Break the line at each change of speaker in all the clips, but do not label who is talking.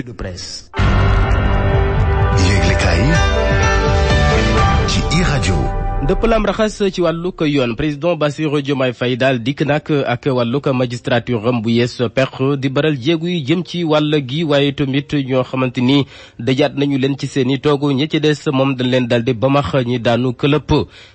de presse. yëgle ndëppalam raxas ci wàllug yoon président Bassirou Diomaye fay daal dikk nag ak wàllug magistrature am bu yees peq di baral jéegu yu jëm ci wàll gi waaye tamit ñoo xamante ni dajaat nañu leen ci seen i toogu ñi ci des moom dañ leen daal di bamax ñi daanu këlëpp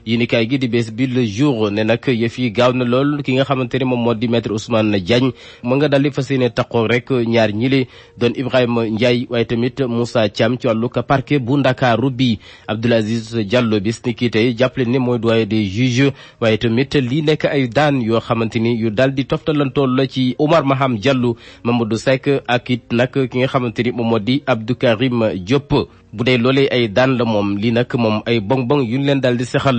yi nikaay gi di bees bi le jour ne nag yëf yi gaaw na lool ki nga xamante ni moom moo di maître Ousmane Diagne mu nga dal di fas yéene taqoo rek ñaar ñi li doon Ibrahima Ndiaye waaye tamit Moussa Thiam ci wàllug parquet bu Ndakaaru bi Abdoul Aziz Diallo bis ni kii le ni ne mooy doyen des juges waaye tamit lii nekk ay daan yoo xamante ni yu daal di toftalantool la ci Oumar Maham Diallo Mamadou Seck ak it nag ki nga xamante ni moom moo di Abdou Karim Diop bu dee loolee ay daan la moom lii nag moom ay bong-bong yu leen daal di saxal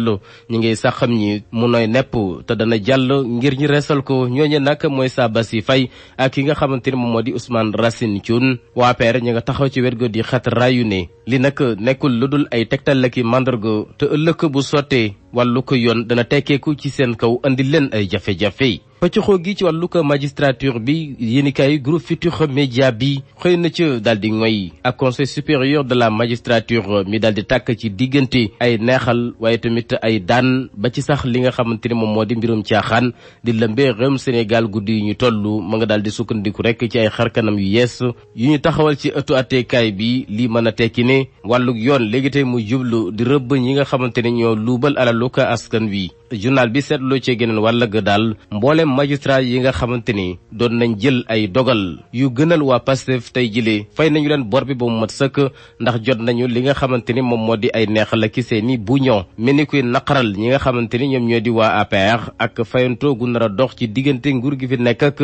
ñu ngi xam ñi mu nooy nepp te dana jàll ngir ñu reesal ko ñooñu nag mooy saaba si fay ak ki nga xamante ne moom moo di Ousmane Racine Thioune waa APR ñu nga taxaw ci wet di xat raayu ne li nag nekkul lu dul ay tegtal la ki màndarga te ëllëg bu sottee wàllu yoon dana tekkeeku ci seen kaw andi leen ay jafe-jafe pëccaxoo gi ci wàllu magistrature bi yéenikaay groupe Futurs Médias bi xëy na ci daal di ngoy ak conseil supérieur de la magistrature mi daal di tàkk ci diggante ay neexal waaye tamit ay daan ba ci sax li nga xamante ni moom moo di mbirum caaxaan di la rëm Sénégal guddi yu ñu toll ma nga daal di sukkandiku rek ci ay xarkanam yu yees yu ñu taxawal ci ëttu atteekaay bi lii mën a tekki ne wàllu yoon léegi tey jublu di rëbb ñi nga xamante ne ñoo wàllu ko askan wi journal bi seetloo ci geneen wàll ga daal mboolem magistrat yi nga xamante ni doon nañ jël ay dogal yu gënal waa Pastef tey jile fay nañu leen bor bi ba mu mat sëkk ndax jot nañu li nga xamante ni moom moo di ay neexal ak seeni buño mel ni kuy naqaral ñi nga xamante ni ñoom ñoo di waa APR ak fayantoo nar a dox ci diggante nguur gi fi nekk ak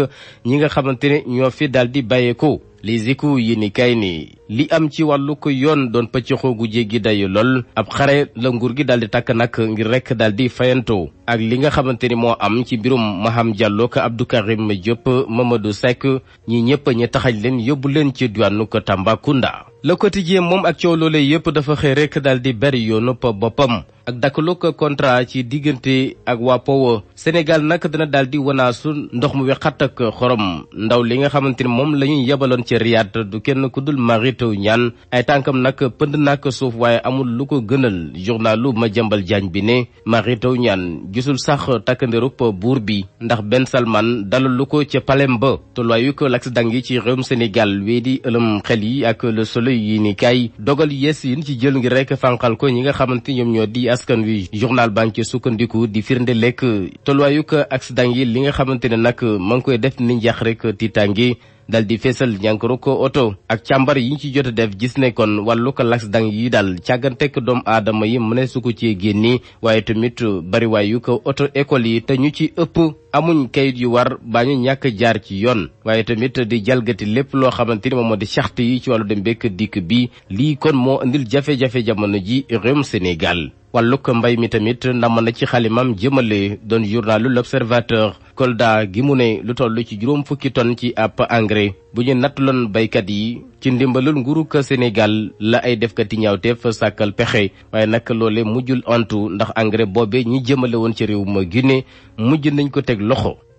ñi nga xamante ni ñoo fi daal di bàyyeekoo les échos yi ni kay ni li am ci wàllu ko yoon doon pëccëxoo gu jéggi dayu lool ab xare la nguur gi daal di takk nag ngir rek daal di fayantoo ak li nga xamante ni moo am ci mbirum Maham Diallo ak Abdou Karim Diop Mamadou Seck ñi ñëpp ñi taxañ leen yóbbu leen ci diwaanu ko Tambacounda Le Quotidien moom ak coow loolee yëpp dafa xëy rek daal di bari yoonu boppam ak dakkalug contrat ci diggante ak waa POWA Sénégal nag dana daal di wanaasu ndox mu wexat ak xorom ndaw li nga xamante ni moom la ñuy yebaloon ci Riyad du kenn ku dul Mary ñaan ay tànkam nag pënd nak suuf waaye amul lu ko gënal ma jambal jaañ bi ne Mary Teuw Niane gisul sax takkanderub buur bi ndax benn Salman dalal lu ko ca palem ba tolluwaayu ko laks dangi ci réewum Sénégal wee di xel yi ak le soleil yi ni kaay dogal yees askan wi journal banque sukkandiku di firnde lekk tolluwaayuk accident yi li nga xamante ne nag ma ngi koy def ni njaax rek tiitaangi dal di feesal jànkoro ko oto ak càmbar yi ñu ci jot def gis ne kon wàllu ko l'accident yi daal càggantek doom aadama yi mëne su ko ci génni waaye tamit bariwaayu ko oto école yi te ñu ci ëpp amuñ kayit yu war baa ñu ñàkk jaar ci yoon waaye tamit di jalgati lépp loo xamante ni moom moo di charte yi ci wàllu dem bekk dikk bi lii kon moo indil jafe jamono ji réewum Sénégal wàllug mbay mi tamit namm na ci xalimam jëmale doon journalu l'Observateur Kolda gi mu ne lu toll ci juróom fukki ton ci àpp engrais bu ñu nattuloon baykat yi ci ndimbalul nguurug Sénégal la ay defkati ñaawteef sàkkal pexe waaye nag loole mujjul ontu ndax engrais boobe ñi jëmale woon ci réew ma Guinée mujj nañ ko teg loxo